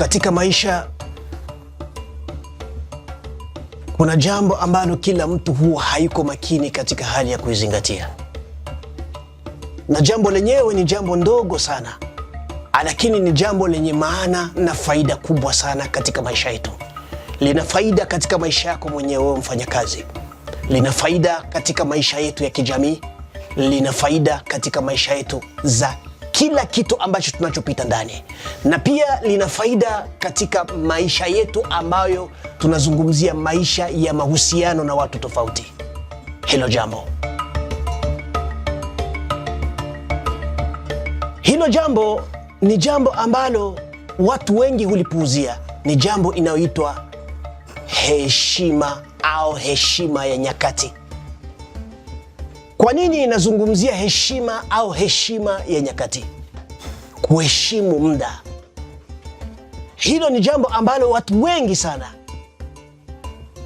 Katika maisha kuna jambo ambalo kila mtu huwa hayuko makini katika hali ya kuizingatia, na jambo lenyewe ni jambo ndogo sana, lakini ni jambo lenye maana na faida kubwa sana katika maisha yetu. Lina faida katika maisha yako mwenyewe wewe mfanyakazi, lina faida katika maisha yetu ya kijamii, lina faida katika maisha yetu za kila kitu ambacho tunachopita ndani, na pia lina faida katika maisha yetu ambayo tunazungumzia maisha ya mahusiano na watu tofauti. Hilo jambo hilo jambo ni jambo ambalo watu wengi hulipuuzia. Ni jambo inayoitwa heshima au heshima ya nyakati. Kwa nini inazungumzia heshima au heshima ya nyakati? Kuheshimu muda, hilo ni jambo ambalo watu wengi sana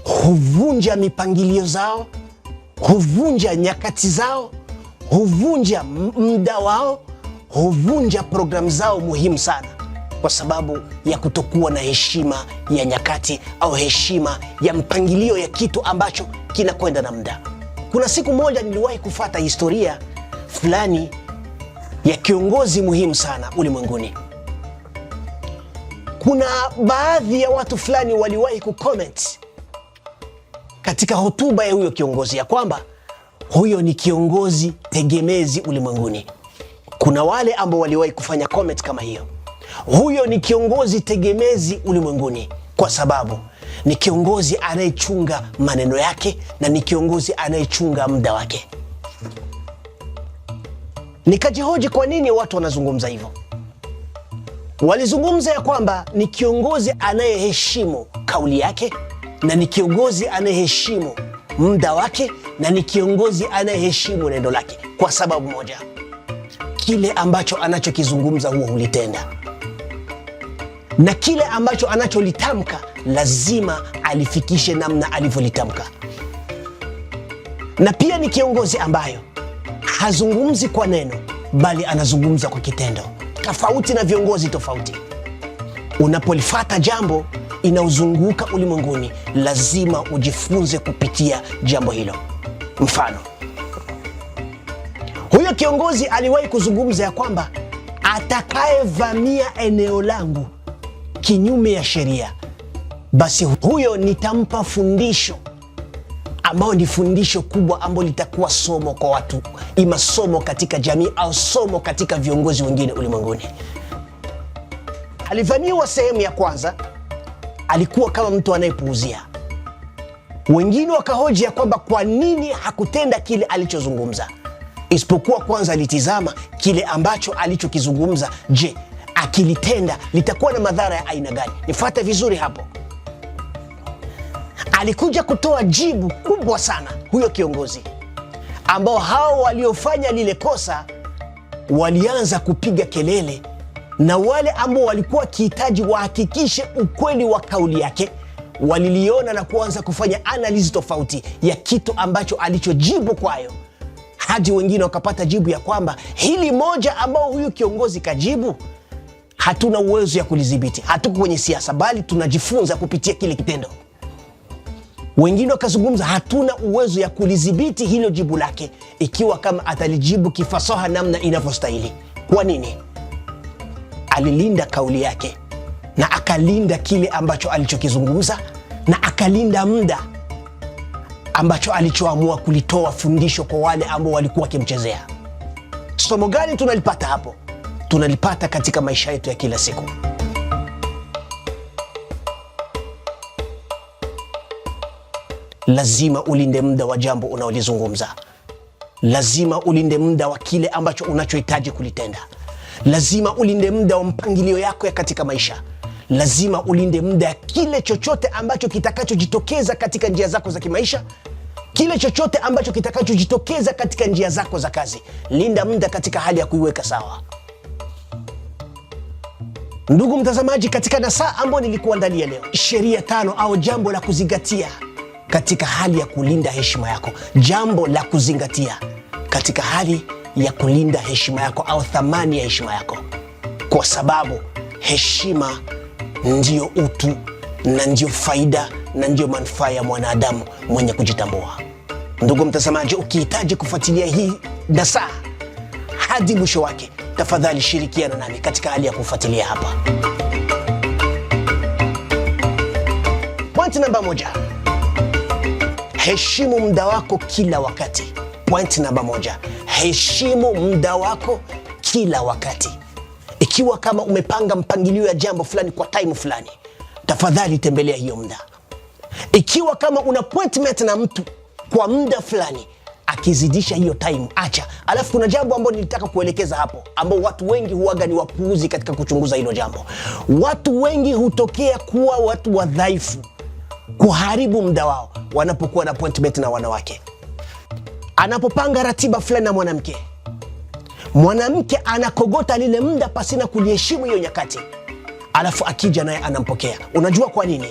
huvunja mipangilio zao, huvunja nyakati zao, huvunja muda wao, huvunja programu zao muhimu sana kwa sababu ya kutokuwa na heshima ya nyakati au heshima ya mpangilio ya kitu ambacho kinakwenda na muda. Kuna siku moja niliwahi kufata historia fulani ya kiongozi muhimu sana ulimwenguni. Kuna baadhi ya watu fulani waliwahi kucomment katika hotuba ya huyo kiongozi ya kwamba huyo ni kiongozi tegemezi ulimwenguni. Kuna wale ambao waliwahi kufanya comment kama hiyo, huyo ni kiongozi tegemezi ulimwenguni kwa sababu ni kiongozi anayechunga maneno yake na ni kiongozi anayechunga muda wake. Nikajihoji kwa nini watu wanazungumza hivyo. Walizungumza ya kwamba ni kiongozi anayeheshimu kauli yake na ni kiongozi anayeheshimu muda wake na ni kiongozi anayeheshimu neno lake, kwa sababu moja, kile ambacho anachokizungumza huo hulitenda na kile ambacho anacholitamka lazima alifikishe namna alivyolitamka. Na pia ni kiongozi ambayo hazungumzi kwa neno, bali anazungumza kwa kitendo, tofauti na viongozi tofauti. Unapolifata jambo inaozunguka ulimwenguni, lazima ujifunze kupitia jambo hilo. Mfano, huyo kiongozi aliwahi kuzungumza ya kwamba atakayevamia eneo langu kinyume ya sheria, basi huyo nitampa fundisho ambayo ni fundisho kubwa ambayo litakuwa somo kwa watu, ima somo katika jamii au somo katika viongozi wengine ulimwenguni. Alivamiwa sehemu ya kwanza, alikuwa kama mtu anayepuuzia. Wengine wakahoji ya kwamba kwa nini hakutenda kile alichozungumza, isipokuwa kwanza alitizama kile ambacho alichokizungumza. Je, akilitenda litakuwa na madhara ya aina gani? Nifuate vizuri hapo. Alikuja kutoa jibu kubwa sana huyo kiongozi, ambao hao waliofanya lile kosa walianza kupiga kelele, na wale ambao walikuwa wakihitaji wahakikishe ukweli wa kauli yake waliliona na kuanza kufanya analizi tofauti ya kitu ambacho alichojibu kwayo, hadi wengine wakapata jibu ya kwamba hili moja ambao huyu kiongozi kajibu hatuna uwezo ya kulidhibiti, hatuko kwenye siasa, bali tunajifunza kupitia kile kitendo. Wengine wakazungumza, hatuna uwezo ya kulidhibiti hilo jibu lake, ikiwa kama atalijibu kifasaha namna inavyostahili. Kwa nini? Alilinda kauli yake na akalinda kile ambacho alichokizungumza na akalinda muda ambacho alichoamua kulitoa fundisho kwa wale ambao walikuwa wakimchezea. Somo gani tunalipata hapo? tunalipata katika maisha yetu ya kila siku. Lazima ulinde muda wa jambo unaolizungumza. Lazima ulinde muda wa kile ambacho unachohitaji kulitenda. Lazima ulinde muda wa mpangilio yako ya katika maisha. Lazima ulinde muda ya kile chochote ambacho kitakachojitokeza katika njia zako za kimaisha, kile chochote ambacho kitakachojitokeza katika njia zako za kazi. Linda muda katika hali ya kuiweka sawa. Ndugu mtazamaji, katika nasaa ambayo nilikuandalia leo, sheria tano au jambo la kuzingatia katika hali ya kulinda heshima yako, jambo la kuzingatia katika hali ya kulinda heshima yako au thamani ya heshima yako, kwa sababu heshima ndiyo utu na ndiyo faida na ndiyo manufaa ya mwanadamu mwenye kujitambua. Ndugu mtazamaji, ukihitaji kufuatilia hii nasaa hadi mwisho wake, tafadhali shirikiana nami katika hali ya kufuatilia hapa. Point namba moja, heshimu muda wako kila wakati. Point namba moja, heshimu muda wako kila wakati. Ikiwa kama umepanga mpangilio ya jambo fulani kwa taimu fulani, tafadhali tembelea hiyo muda. Ikiwa kama una appointment na mtu kwa muda fulani akizidisha hiyo time acha. Alafu kuna jambo ambalo nilitaka kuelekeza hapo, ambao watu wengi huaga ni wapuuzi katika kuchunguza hilo jambo. Watu wengi hutokea kuwa watu wadhaifu, kuharibu muda wao wanapokuwa na appointment na wanawake. Anapopanga ratiba fulani na mwanamke, mwanamke anakogota lile muda pasina kuliheshimu hiyo nyakati, alafu akija naye anampokea. Unajua kwa nini?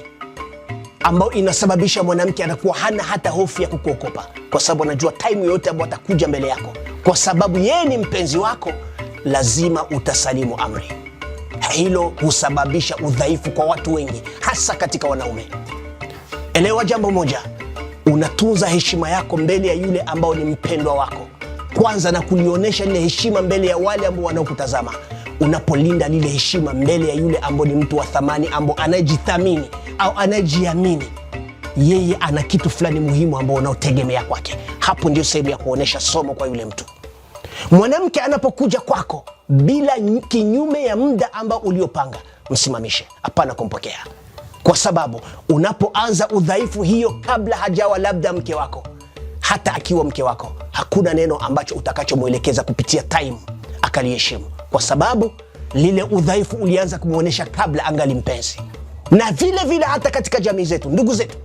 ambayo inasababisha mwanamke anakuwa hana hata hofu ya kukuokopa, kwa sababu anajua taimu yoyote ambayo atakuja mbele yako, kwa sababu yeye ni mpenzi wako, lazima utasalimu amri. Hilo husababisha udhaifu kwa watu wengi, hasa katika wanaume. Elewa jambo moja, unatunza heshima yako mbele ya yule ambao ni mpendwa wako kwanza, na kulionyesha lile heshima mbele ya wale ambao wanaokutazama. Unapolinda lile heshima mbele ya yule ambao ni mtu wa thamani, ambao anayejithamini au anayejiamini yeye ana kitu fulani muhimu ambao unaotegemea kwake. Hapo ndio sehemu ya kuonyesha somo kwa yule mtu. Mwanamke anapokuja kwako bila kinyume ya muda ambao uliopanga, msimamishe, hapana kumpokea, kwa sababu unapoanza udhaifu hiyo kabla hajawa labda mke wako, hata akiwa mke wako, hakuna neno ambacho utakachomwelekeza kupitia time akaliheshimu, kwa sababu lile udhaifu ulianza kumwonyesha kabla angali mpenzi na vile vile hata katika jamii zetu, ndugu zetu,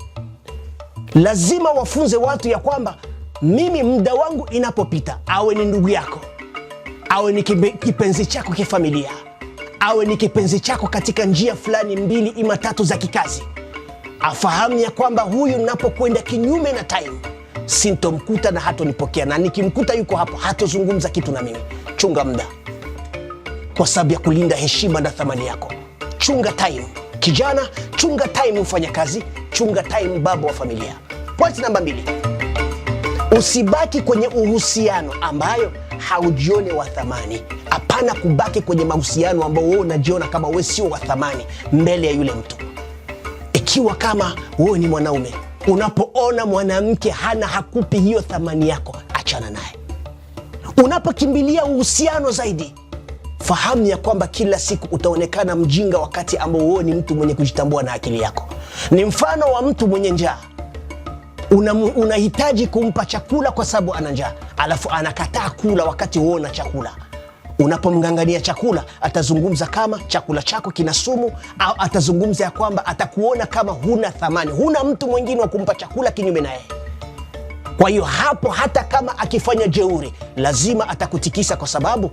lazima wafunze watu ya kwamba mimi muda wangu inapopita, awe ni ndugu yako, awe ni kipenzi chako kifamilia, awe ni kipenzi chako katika njia fulani mbili ima tatu za kikazi, afahamu ya kwamba huyu napokwenda kinyume na time sintomkuta na hatonipokea, na nikimkuta yuko hapo hatozungumza kitu na mimi. Chunga muda kwa sababu ya kulinda heshima na thamani yako. Chunga time. Kijana, chunga time mfanyakazi, chunga time baba wa familia. Point namba mbili, usibaki kwenye uhusiano ambayo haujione wa thamani. Hapana kubaki kwenye mahusiano ambao wewe unajiona kama wewe sio wa thamani mbele ya yule mtu. Ikiwa kama wewe ni mwanaume, unapoona mwanamke hana hakupi hiyo thamani yako, achana naye. Unapokimbilia uhusiano zaidi fahamu ya kwamba kila siku utaonekana mjinga wakati ambao wewe ni mtu mwenye kujitambua na akili yako. Ni mfano wa mtu mwenye njaa, unahitaji una kumpa chakula kwa sababu ana njaa, alafu anakataa kula wakati wewe una chakula. Unapomng'ang'ania chakula atazungumza kama chakula chako kina sumu, au atazungumza ya kwamba atakuona kama huna thamani, huna mtu mwingine wa kumpa chakula kinyume naye. Kwa hiyo hapo, hata kama akifanya jeuri, lazima atakutikisa kwa sababu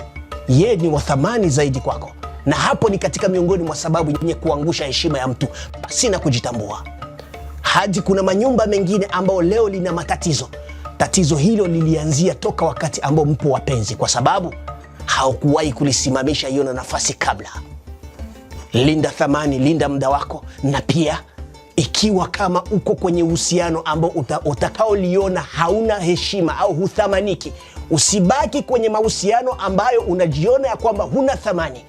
yeye ni wa thamani zaidi kwako, na hapo ni katika miongoni mwa sababu yenye kuangusha heshima ya mtu pasina kujitambua. Hadi kuna manyumba mengine ambayo leo lina matatizo. Tatizo hilo lilianzia toka wakati ambao mpo wapenzi, kwa sababu haukuwahi kulisimamisha hiyo na nafasi kabla. Linda thamani, linda muda wako, na pia ikiwa kama uko kwenye uhusiano ambao utakaoliona hauna heshima au huthamaniki Usibaki kwenye mahusiano ambayo unajiona ya kwamba huna thamani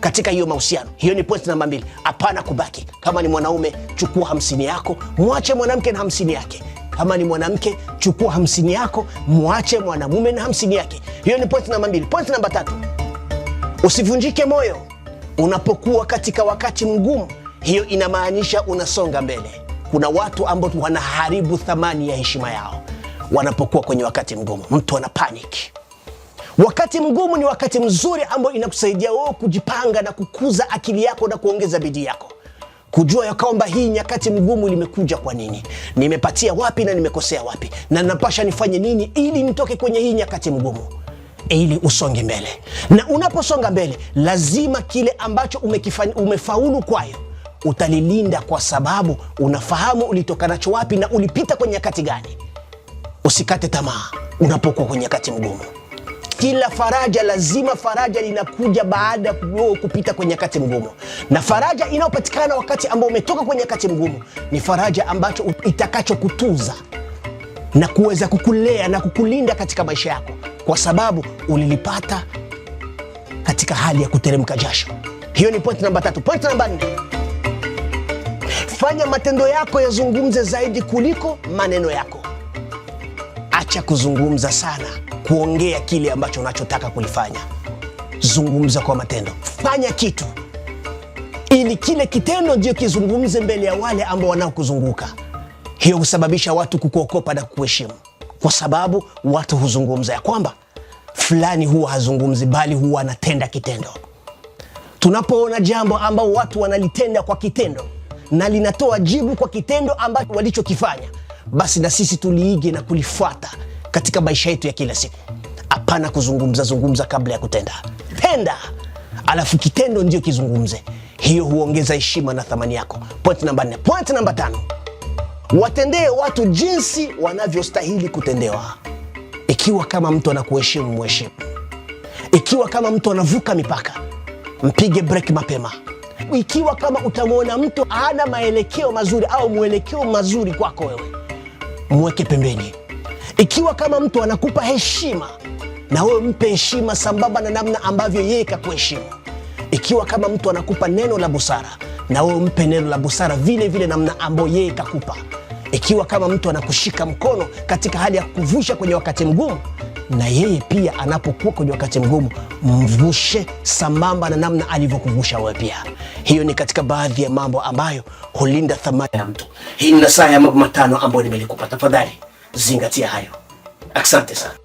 katika hiyo mahusiano. Hiyo ni point namba mbili. Hapana kubaki. Kama ni mwanaume, chukua hamsini yako, mwache mwanamke na hamsini yake. Kama ni mwanamke, chukua hamsini yako, mwache mwanamume na hamsini yake. Hiyo ni point namba mbili. Point namba tatu, usivunjike moyo unapokuwa katika wakati mgumu. Hiyo inamaanisha unasonga mbele. Kuna watu ambao wanaharibu thamani ya heshima yao wanapokuwa kwenye wakati mgumu. Mtu ana panic. Wakati mgumu ni wakati mzuri ambao inakusaidia wewe kujipanga na kukuza akili yako na kuongeza bidii yako, kujua ya kwamba hii nyakati mgumu limekuja kwa nini, nimepatia wapi na nimekosea wapi, na napasha nifanye nini ili nitoke kwenye hii nyakati mgumu ili usonge mbele. Na unaposonga mbele, lazima kile ambacho umekifanya, umefaulu kwayo utalilinda, kwa sababu unafahamu ulitoka nacho wapi na ulipita kwenye nyakati gani usikate tamaa unapokuwa kwenye wakati mgumu. Kila faraja lazima, faraja linakuja baada ya wewe kupita kwenye wakati mgumu, na faraja inayopatikana wakati ambao umetoka kwenye wakati mgumu ni faraja ambacho itakachokutuza na kuweza kukulea na kukulinda katika maisha yako, kwa sababu ulilipata katika hali ya kuteremka jasho. Hiyo ni point namba tatu. Point namba nne, fanya matendo yako yazungumze zaidi kuliko maneno yako acha kuzungumza sana, kuongea kile ambacho unachotaka kulifanya. Zungumza kwa matendo, fanya kitu ili kile kitendo ndio kizungumze mbele ya wale ambao wanaokuzunguka. Hiyo husababisha watu kukuokopa na kukuheshimu, kwa sababu watu huzungumza ya kwamba fulani huwa hazungumzi, bali huwa anatenda kitendo. Tunapoona jambo ambao watu wanalitenda kwa kitendo na linatoa jibu kwa kitendo ambacho walichokifanya basi na sisi tuliige na kulifuata katika maisha yetu ya kila siku. Hapana kuzungumza zungumza kabla ya kutenda. Tenda alafu kitendo ndio kizungumze. Hiyo huongeza heshima na thamani yako. Point namba nne. Point namba tano, watendee watu jinsi wanavyostahili kutendewa. Ikiwa kama mtu anakuheshimu, mheshimu. Ikiwa kama mtu anavuka mipaka, mpige break mapema. Ikiwa kama utamwona mtu ana maelekeo mazuri au mwelekeo mazuri kwako wewe mweke pembeni. Ikiwa kama mtu anakupa heshima, na wewe mpe heshima sambamba na namna ambavyo yeye kakuheshimu. Ikiwa kama mtu anakupa neno la busara, na wewe mpe neno la busara vile vile, namna ambayo yeye kakupa. Ikiwa kama mtu anakushika mkono katika hali ya kuvusha kwenye wakati mgumu na yeye pia anapokuwa kwenye wakati mgumu, mvushe sambamba na namna alivyokuvusha wewe pia. Hiyo ni katika baadhi ya mambo ambayo hulinda thamani ya mtu. Hii ni nasaha ya mambo matano ambayo nimelikupa. Tafadhali zingatia hayo. Asante sana.